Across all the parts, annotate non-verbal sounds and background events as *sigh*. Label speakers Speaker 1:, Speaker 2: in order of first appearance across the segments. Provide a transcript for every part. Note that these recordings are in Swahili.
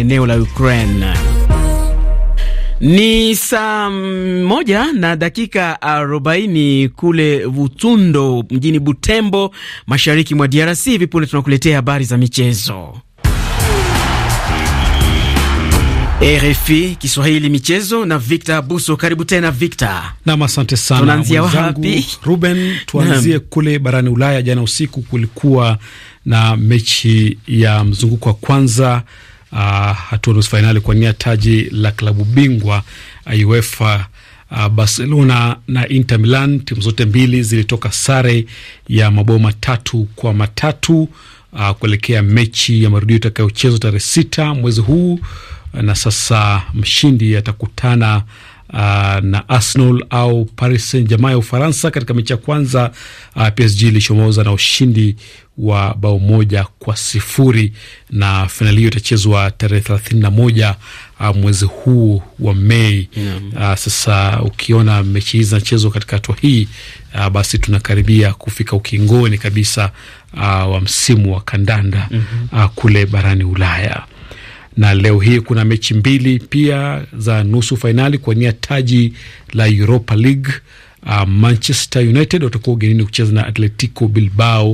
Speaker 1: eneo la Ukraine. Ni saa moja na dakika arobaini kule Vutundo mjini Butembo mashariki mwa DRC. Hivi punde tunakuletea habari za michezo. RFI Kiswahili michezo na Victor Abuso. Karibu tena Victor.
Speaker 2: Nam, asante sana. Tunaanzia wapi Ruben? Tuanzie kule barani Ulaya. Jana usiku kulikuwa na mechi ya mzunguko wa kwanza uh, hatua nusu fainali kuwania taji la klabu bingwa ah, UEFA. Uh, Barcelona na Inter Milan, timu zote mbili zilitoka sare ya mabao matatu kwa matatu uh, kuelekea mechi ya marudio itakayochezwa tarehe sita mwezi huu, na sasa mshindi atakutana uh, na Arsenal au Paris Saint-Germain ya Ufaransa. Katika mechi ya kwanza uh, PSG ilishomoza na ushindi wa bao moja kwa sifuri na fainali hiyo itachezwa tarehe thelathini na moja uh, mwezi huu wa Mei. Yeah. Uh, sasa ukiona mechi hizi zinachezwa katika hatua hii, uh, basi tunakaribia kufika ukingoni kabisa wa msimu wa kandanda mm -hmm. kule barani Ulaya na leo hii kuna mechi mbili pia za nusu fainali nia taji la Europa League. Uh, Manchester United watakuwa ugenini kucheza na Atletico Bilbao.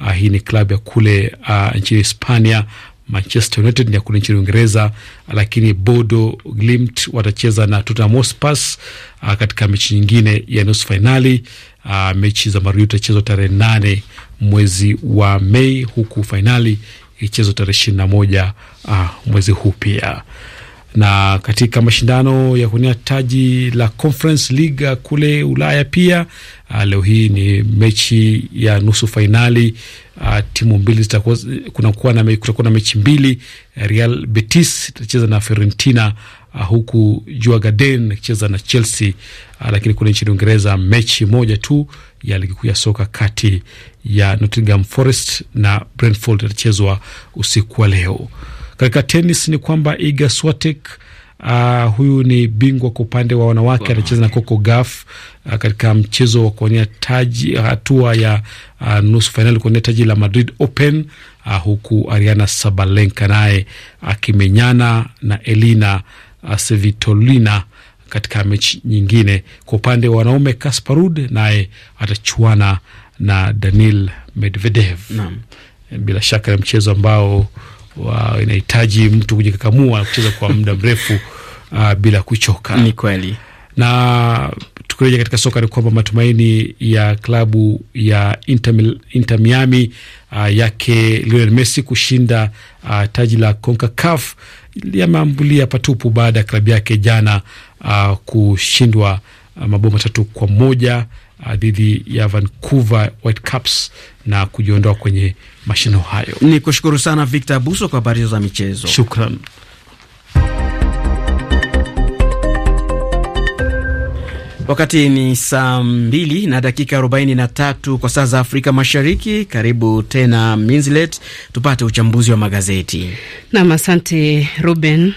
Speaker 2: Uh, hii ni klabu ya kule uh, nchini Hispania. Manchester United ni ya kule nchini Uingereza, uh, lakini Bodo Glimt watacheza na Tottenham Hotspur uh, katika mechi nyingine ya nusu fainali. Uh, mechi za marudio itachezwa tarehe nane mwezi wa Mei, huku fainali ikichezwa tarehe ishirini na moja uh, mwezi huu pia na katika mashindano ya kunia taji la Conference League kule Ulaya pia uh, leo hii ni mechi ya nusu fainali uh, ah, timu mbili zitakuwa, na, kutakuwa na mechi mbili. Real Betis itacheza na Fiorentina uh, huku Jua Garden akicheza na Chelsea uh, lakini kule nchini Uingereza mechi moja tu ya ligi kuu ya soka kati ya Nottingham Forest na Brentford itachezwa usiku wa leo. Katika tenis ni kwamba Iga Swiatek Uh, huyu ni bingwa kwa upande wa wanawake Anacheza na Coco Gauff uh, katika mchezo wa kuwania taji ah, hatua ya uh, nusu fainali kuwania taji la Madrid Open uh, huku Ariana Sabalenka naye akimenyana uh, na Elina uh, Svitolina katika mechi nyingine. Kwa upande wa wanaume Casper Ruud naye atachuana na Daniil Medvedev. Naam. Bila shaka ni mchezo ambao wa inahitaji mtu kujikakamua na kucheza kwa muda mrefu uh, *laughs* bila kuchoka. Ni kweli. Na tukirejea katika soka ni kwamba matumaini ya klabu ya Inter, Inter Miami uh, yake Lionel Messi kushinda uh, taji la CONCACAF yameambulia patupu baada ya klabu yake jana uh, kushindwa uh, mabao matatu kwa moja Uh, dhidi ya Vancouver Whitecaps na kujiondoa kwenye mashindano hayo. Ni kushukuru sana Victor Abuso kwa habari za michezo. Shukran.
Speaker 1: Wakati ni saa mbili na dakika arobaini na tatu kwa saa za Afrika Mashariki. Karibu tena minlet tupate uchambuzi wa magazeti
Speaker 3: nam. Asante Ruben.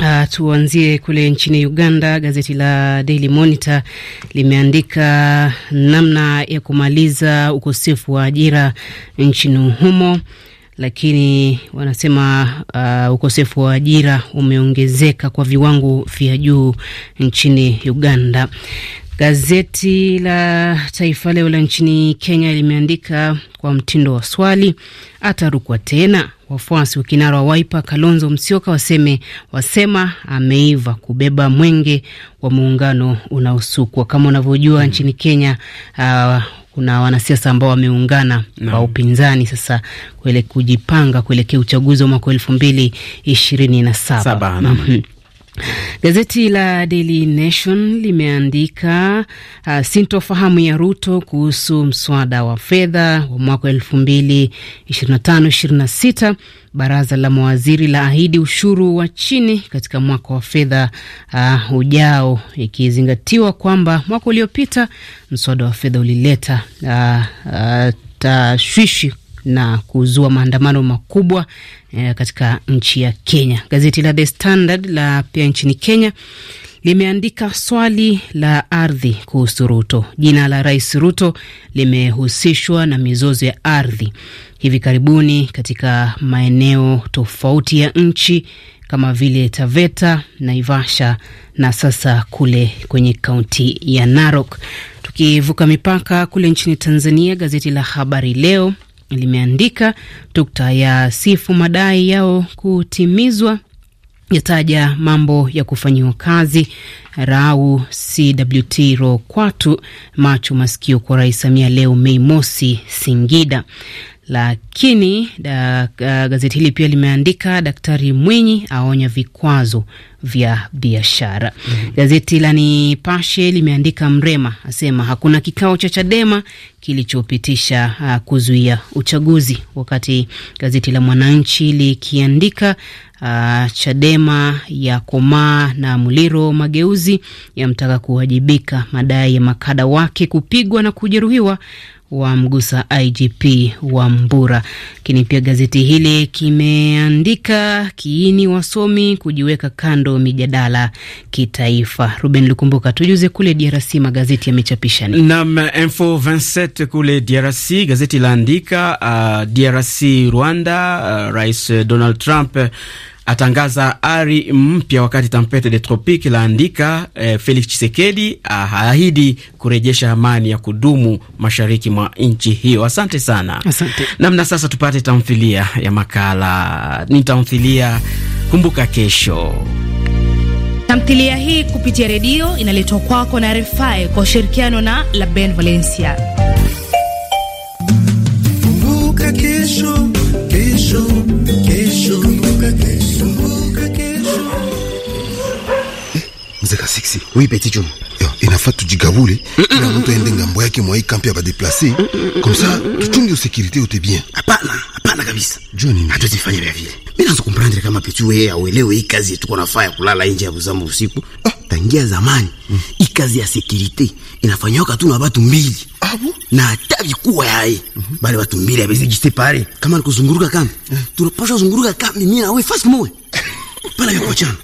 Speaker 3: Uh, tuanzie kule nchini Uganda. Gazeti la Daily Monitor limeandika namna ya kumaliza ukosefu wa ajira nchini humo, lakini wanasema uh, ukosefu wa ajira umeongezeka kwa viwango vya juu nchini Uganda. Gazeti la Taifa Leo la nchini Kenya limeandika kwa mtindo wa swali, atarukwa tena? Wafuasi wa kinara wa Waipa Kalonzo Msioka waseme wasema ameiva kubeba mwenge wa muungano unaosukwa. Kama unavyojua mm, nchini Kenya uh, kuna wanasiasa ambao wameungana wa upinzani sasa kujipanga kuelekea uchaguzi wa mwaka elfu mbili ishirini na saba. Gazeti la Daily Nation limeandika uh, sintofahamu ya Ruto kuhusu mswada wa fedha wa mwaka elfu mbili ishirini na tano ishirini na sita. Baraza la mawaziri la ahidi ushuru wa chini katika mwaka wa fedha uh, ujao, ikizingatiwa kwamba mwaka uliopita mswada wa fedha ulileta uh, uh, tashwishi na kuzua maandamano makubwa eh, katika nchi ya Kenya. Gazeti la The Standard la pia nchini Kenya limeandika swali la ardhi kuhusu Ruto. Jina la Rais Ruto limehusishwa na mizozo ya ardhi hivi karibuni katika maeneo tofauti ya nchi kama vile Taveta, Naivasha na sasa kule kwenye kaunti ya Narok. Tukivuka mipaka kule nchini Tanzania, gazeti la Habari Leo limeandika tukta ya sifu madai yao kutimizwa yataja mambo ya kufanyiwa kazi. Rau CWT ro kwatu macho masikio kwa Rais Samia leo Mei Mosi Singida. Lakini da, uh, gazeti hili pia limeandika Daktari Mwinyi aonya vikwazo vya biashara. mm -hmm. Gazeti la Nipashe limeandika Mrema asema hakuna kikao cha Chadema kilichopitisha uh, kuzuia uchaguzi, wakati gazeti la Mwananchi likiandika uh, Chadema ya komaa na Muliro mageuzi yamtaka kuwajibika madai ya makada wake kupigwa na kujeruhiwa wa mgusa IGP wa Mbura. Lakini pia gazeti hili kimeandika kiini wasomi kujiweka kando mijadala kitaifa. Ruben Lukumbuka, tujuze kule DRC magazeti yamechapisha nini?
Speaker 1: Nam Info 27 kule DRC gazeti laandika uh, ah, DRC Rwanda, uh, Rais Donald Trump atangaza ari mpya, wakati Tempete de Tropique laandika eh, Felix chisekedi aahidi kurejesha amani ya kudumu mashariki mwa nchi hiyo. Asante sana, asante namna. Sasa tupate tamthilia ya makala, ni tamthilia Kumbuka Kesho.
Speaker 3: Tamthilia hii kupitia redio inaletwa kwako na RFI kwa ushirikiano na La Ben Valencia.
Speaker 1: Kumbuka Kesho. mzee Kasiksi, oui petit Juma, inafaa tujigawule mm -mm. Ila mtu aende ngambo yake mwa hii kampi ya badeplase comme ça tuchunge usekirite ute bien. Hapana, hapana kabisa, jua nini hatuzifanya vya vile. Mimi naanza kumprendre kama Petit yeye auelewe hii kazi yetu kuna faya kulala nje ya kuzama usiku ah. Tangia zamani mm. hii kazi ya sekirite inafanyoka tu na watu mbili Abu? Ah, na hata vikuwa yaye mm -hmm. bale watu mbili abezijiste pale kama nikuzunguruka kambi mm. Eh. tunapasha zunguruka kambi mimi na wewe fast moe pala *laughs* yakochana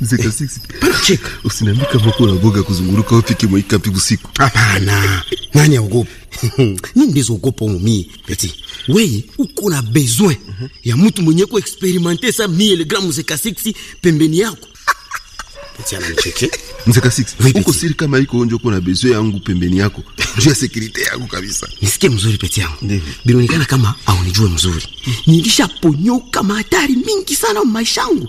Speaker 1: Mzee Kasiksi, cheka. Usiniambie kama uko unaogopa kuzunguruka wapi kimwikapi usiku. Hapana. Nani aogopa? *laughs* Mimi ndizo ogopa mimi. Eti, wewe uko na besoin ya mtu mwenye ku experimenter sa 1000 gramu za Kasiksi pembeni yako. *laughs* Eti ananicheke. Mzee Kasiksi, uko siri kama iko onjo kuna besoin yangu pembeni yako. *laughs* Juu security yangu kabisa. Nisikie mzuri peti yangu. Bilionekana kama au nijue mzuri. Hmm. Nilishaponyoka mahatari mingi sana maisha yangu.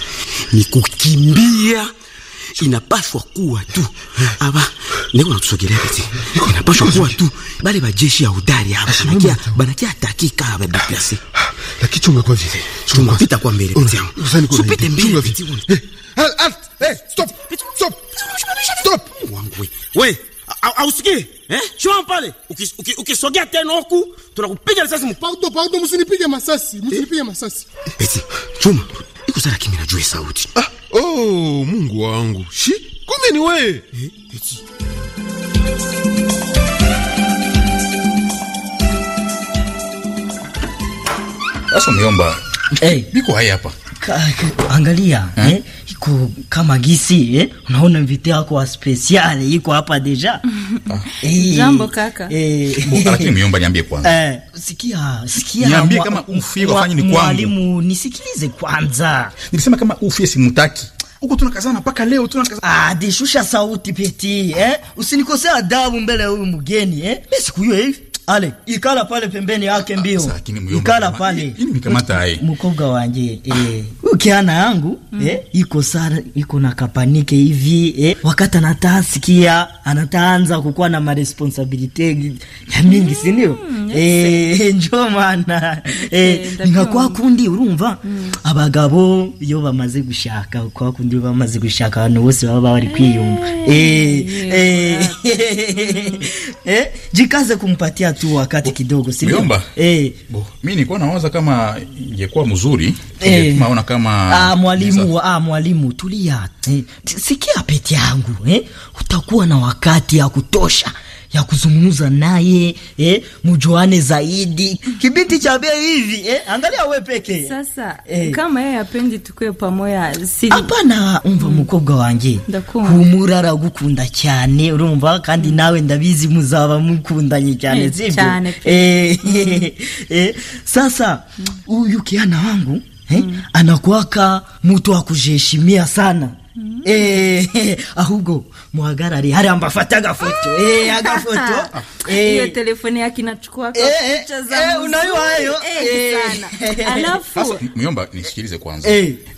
Speaker 1: ni kukimbia. Inapaswa kuwa tu aba niko natusogelea kati inapaswa kuwa tu bale bajeshi ya udari hapa banakia banakia takika ba place lakini chunga kwa vile chunga pita kwa mbele pete yangu supite mbele pete yangu eh halt eh, eh, eh stop stop stop wangu we ausikie eh chuma pale ukisogea tena huku tunakupiga risasi mpauto pauto msinipige masasi msinipige masasi eti chuma Nikuzara kimi najue sauti. Ah, oh, Mungu wangu. Shi, kumbe ni we Eh, eti.
Speaker 4: Sasa niomba. hey. Biko hai hapa. Angalia, hmm? eh? eh? iko kama gisi eh? Unaona invité wako wa special iko hapa deja *laughs*
Speaker 1: ah. Eh. jambo kaka eh.
Speaker 4: Oh, lakini
Speaker 2: niambie kwanza
Speaker 1: *laughs* eh,
Speaker 4: sikia sikia, niambie kama ufie ni kwangu. Mwalimu
Speaker 1: nisikilize kwanza, nilisema kama ufie simutaki
Speaker 4: huko tunakazana mpaka leo tunakazana. Ah, dishusha sauti peti eh, usinikosea adabu mbele ya huyu mgeni eh, mimi hiyo hivi Ale ikala pale pembeni yake ah, mbio
Speaker 1: ikala pale
Speaker 4: mkobwa wanje eh, ah. ukiana yangu mm. eh, iko sara iko na kapanike hivi eh, wakati anatasikia anataanza kukuwa na maresponsabilite ya mingi si ndio? Mm, yes. eh, *laughs* njo mana *laughs* eh, eh ngakwa kundi urumva mm. abagabo iyo bamaze gushaka kwa kundi bamaze gushaka abantu bose baba bari kwiyumva eh, eh, eh, *laughs* eh, jikaze kumpatia tu wakati kidogo, si ndio? Eh, mimi nilikuwa
Speaker 2: nawaza kama ingekuwa mzuri eh, kama ah,
Speaker 4: mwalimu ah, mwalimu tulia, eh, sikia peti yangu eh, utakuwa na wakati ya kutosha ya kuzungumza naye eh, mjuane zaidi. Kibinti cha bei hivi eh, angalia wewe peke sasa eh. Kama yeye apendi tukwe pamoya si hapana, umva mm. mukobwa mm. wanje humurara gukunda cyane urumva kandi mm. nawe ndabizi muzaba mukundanye cyane eh, sibyo eh, mm. *laughs* eh, sasa mm. uyu kiana wangu eh, mm. anakuwaka mtu wa kujeshimia sana Mm-hmm. Eh, *laughs* ahubwo muhagarare hari ambafata agafoto agafoto ah.
Speaker 3: eh, *laughs* eh. iyo telefone yake inachukua picha za unayo hayo
Speaker 4: alafu
Speaker 2: mjomba nisikilize kwanza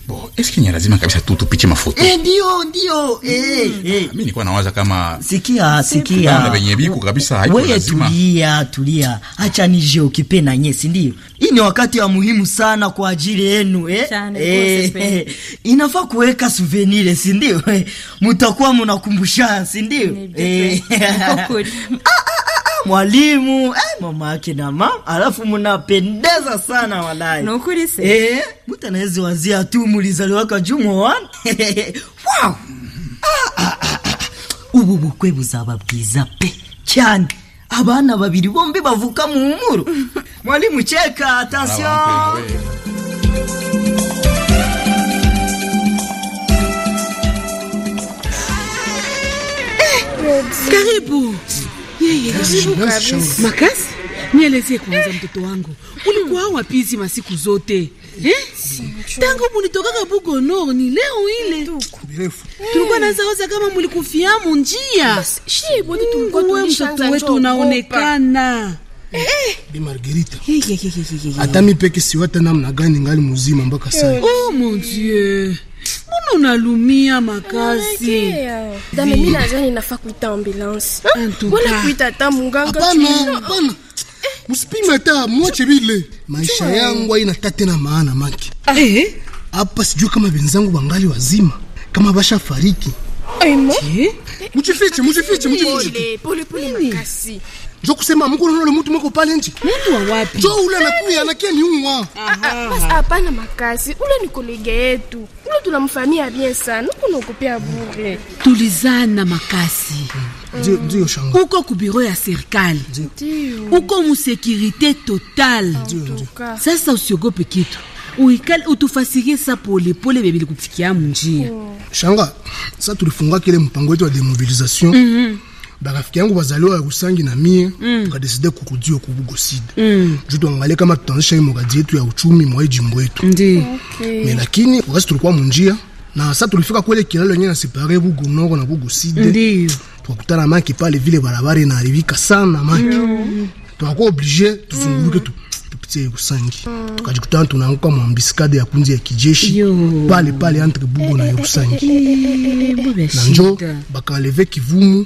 Speaker 2: Bo, eski ni lazima kabisa tu tupiche mafuta.
Speaker 4: Eh, ndio ndio. Eh, hmm.
Speaker 2: eh. Ah, mimi nilikuwa nawaza kama
Speaker 4: Sikia, sikia. Kama wenye biku
Speaker 2: kabisa haiko
Speaker 4: lazima. Wewe tulia, tulia. Acha nije ukipe na nyesi ndio. Hii ni wakati wa muhimu sana kwa ajili yenu, eh. Chane, eh, eh. Inafaa kuweka souvenir, si ndio? *laughs* Mtakuwa mnakumbushana, si ndio? Eh. *laughs* ah, ah mwalimu eh, mama yake na ma alafu mnapendeza sana walai. nukuli se. Eh, mtu anaweza wazia tu mlizaliwa kwa jumo wan. *laughs* wow. Ah, ah, ah, ah. Ubu bukwe buzaba bwiza pe cyane. Abana babiri bombi bavuka mu mumuru. *laughs* mwalimu cheka, attention.
Speaker 1: Eh, karibu. Makas, nielezee kwanza, mtoto wangu, ulikuwa wapi hizi masiku zote
Speaker 3: eh? Tangu mulitokaka Bugo Nord ni leo ile tulikuwa nazaoza kama mulikufia munjia.
Speaker 1: Wewe mtoto wetu unaonekana eh, eh, Bi Margarita. Hata peke siwata namna gani ngali muzima mpaka sasa. Oh mon Dieu unalumia makasi.
Speaker 3: Mimi nadhani nafaa kuita ambulance. Eh, Mbona kuita
Speaker 1: hata munganga? Hapana, hapana. Eh. Msipime hata mwache bile. Maisha yangu haina tena maana maki. Ah. Eh? Hapa sijui kama wenzangu wangali wazima, kama basha fariki. Mjifiche, mjifiche, mjifiche. Pole pole makasi njo kusema Mungu nalo mtu mwako pale nje. Mtu wa wapi? Njo ule anakuya anakia
Speaker 3: ni umwa. Basi hapana makazi. Ule ni kolege yetu. Ule tunamfamia bien sana. Huko nakupea bure.
Speaker 1: Tulizana makasi. Ndio mm. ndio shanga. Huko ku bureau ya serikali. Ndio. Huko mu securite totale. Ndio. Sasa usiogope kitu. Uikale utufasirie sa pole pole bebi likufikia munjia. Oh. Shanga, sasa tulifunga kile mpango wetu wa demobilisation. Mhm. Mm barafiki yangu bazaliwa ya Rusangi na mie mm. tukadeside kurudio ku Bugoside mm. juu tuangalie kama tutaanzisha hii mradi yetu ya uchumi mwa jimbo yetu
Speaker 3: okay. lakini
Speaker 1: wakati tulikuwa munjia na sasa tulifika kule kilalo yenyewe na separe Bugo Nord na Bugo Sud, ndio tukakutana pale, vile barabara inaharibika sana maki mm. tukakuwa oblige tuzunguke tu tupitie mm. tukajikutana tunaanguka mwa ya kunzi ya kijeshi pale pale entre Bugo na Rusangi na njo bakaleve kivumu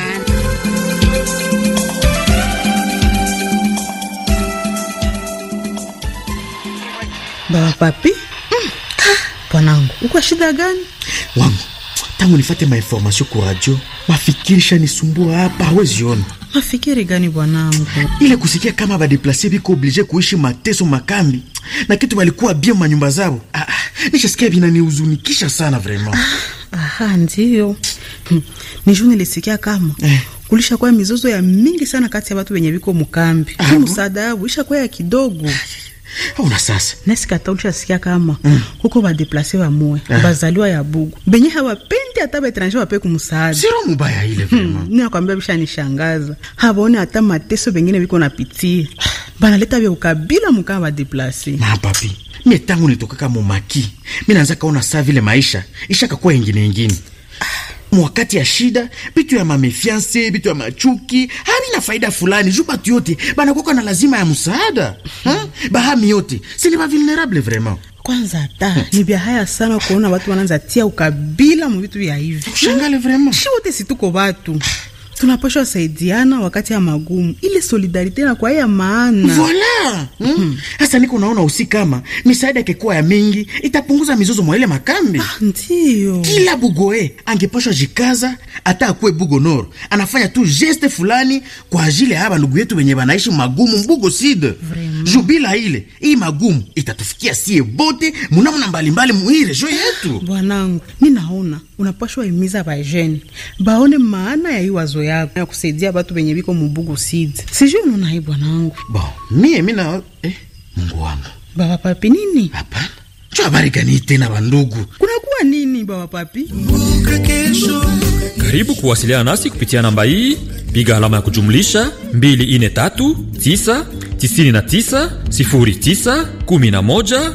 Speaker 1: Bwana. Baba Papi, hmm. bwanangu mm. uko shida gani wangu? Tangu nifate mainformasio ku radio, mafikiri shanisumbua hapa, hawezi ona mafikiri gani bwanangu? Ile kusikia kama badeplase biko oblige kuishi mateso makambi na kitu walikuwa bia manyumba zao, ah, ah, nishasikia vinanihuzunikisha sana vraiment. Ah, aha, ndiyo Hmm. Nisho nilisikia kama eh, kulisha kwa mizozo ya mingi sana kati ya watu wenye viko mkambi. msaada yao isha kwa ya kidogo. Ah, Una sasa. sikia kama mm, huko deplace wa moe, ah, bazaliwa ya bugu. Benye hawapendi hata Sio mbaya ile hmm. vema. Ni nakwambia bisha nishangaza. Habaone hata mateso bengine biko napitia. Ah. Banaleta vya ukabila deplace. Na papi. Mie tangu nitokaka momaki. Mimi naanza kaona saa vile maisha ishakakuwa ingine ingine. Ah. Mwakati ya shida bitu ya mamefiance bitu ya machuki na faida fulani, juu batu yote banakuwa na lazima ya msaada hmm. bahami yote sini vulnerable vraiment kwanza ta ni bia haya sana kuona watu wananza tia ukabila mu vitu vya hivi, shangale vraiment, shi wote situko watu tunapashwa saidiana wakati ya magumu, ile solidarite na kwa ya maana vola hasa hmm? hmm. Niko naona usi kama misaada yakekuwa ya mingi itapunguza mizozo mwa ile makambi. Ah, ndio kila bugoe angepashwa jikaza, hata akuwe bugo nor anafanya tu geste fulani kwa ajili ya bandugu yetu wenye wanaishi magumu mbugo sid side bila ile hii magumu itatufikia sie bote munamuna mbalimbali muhii rejo yetu. Bwanangu, mi naona unapashwa imiza bajeni baone maana ya iwazo wazo yako ya kusaidia batu benye biko mubugu sidi. Sijui unaona hii bwana wangu. Bon, mie mimi na eh, Mungu wangu. Baba papi nini? Hapana. Cho habari gani tena bandugu? Kuna kuwa nini baba papi? Mbuka kesho.
Speaker 2: Karibu kuwasiliana nasi kupitia namba hii, piga alama ya kujumlisha 243 9 99 09 11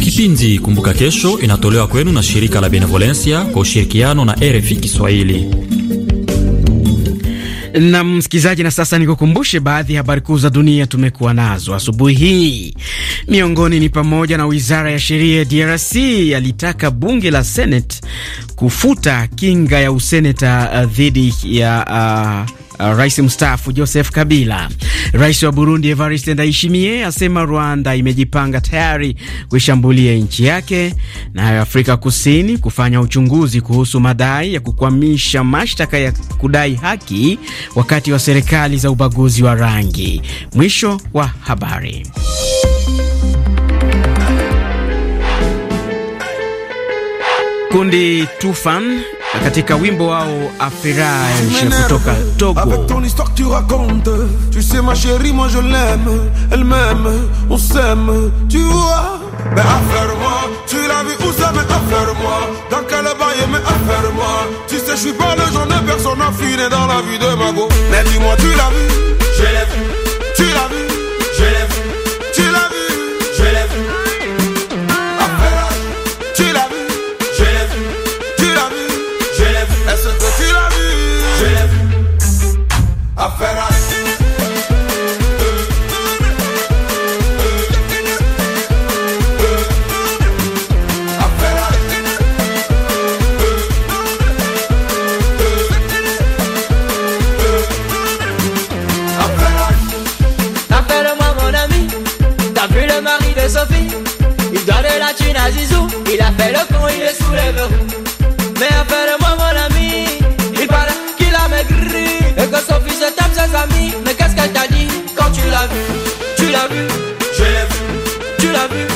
Speaker 2: Kipindi Kumbuka Kesho inatolewa kwenu na shirika la Benevolencia kwa ushirikiano na RFI Kiswahili.
Speaker 1: Na msikilizaji, na sasa nikukumbushe baadhi ya habari kuu za dunia tumekuwa nazo asubuhi hii. Miongoni ni pamoja na wizara ya sheria ya DRC yalitaka bunge la Senate kufuta kinga ya useneta uh, dhidi ya uh, Uh, rais mstaafu Joseph Kabila. Rais wa Burundi Evariste Ndayishimiye asema Rwanda imejipanga tayari kuishambulia nchi yake. Nayo Afrika Kusini kufanya uchunguzi kuhusu madai ya kukwamisha mashtaka ya kudai haki wakati wa serikali za ubaguzi wa rangi. Mwisho wa habari. Kundi Tufan Avec ton histoire que tu racontes, tu sais ma chérie, moi je l'aime, elle m'aime, on s'aime, tu vois. Mais affaire-moi, tu l'as vu où ça, mais affaire-moi. Dans quel bail, mais affaire-moi. Tu sais, je suis pas le genre de personne affinée dans la vie de ma go. Mais dis-moi, tu l'as vu, je l'ai La l'as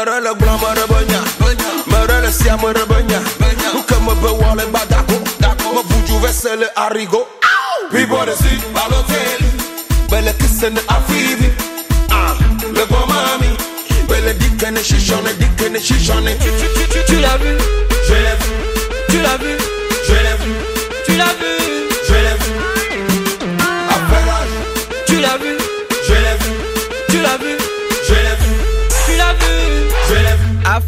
Speaker 1: Marala glama rabanya Marala siamo rabanya Ukama be Ma buju vesele arigo Belle kissen afibi le bon mami Belle dikene chichone, dikene Tu l'as vu, je l'ai vu Tu l'as vu, je l'ai vu Tu l'as vu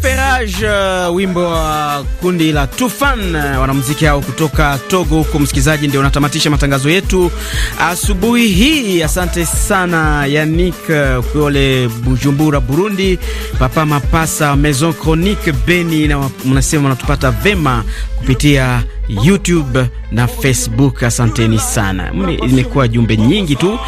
Speaker 1: Perage uh, wimbo wa uh, kundi la Tufan uh, wanamuziki hao kutoka Togo huko. Msikilizaji, ndio unatamatisha matangazo yetu asubuhi uh, hii. Asante sana Yannick uh, Kole Bujumbura Burundi, Papa Mapasa Maison Chronique Beni, na mnasema wanatupata vema kupitia YouTube na Facebook. Asanteni sana, imekuwa jumbe nyingi tu,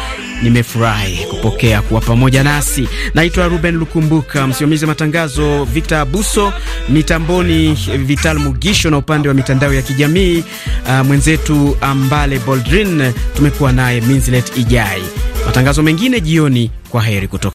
Speaker 1: nimefurahi kupokea kuwa pamoja nasi. Naitwa Ruben Lukumbuka, msimamizi wa matangazo Victor Abuso, mitamboni Vital Mugisho na upande wa mitandao ya kijamii uh, mwenzetu Ambale Boldrin, tumekuwa naye minlet Ijai. Matangazo mengine jioni, kwa heri kutoka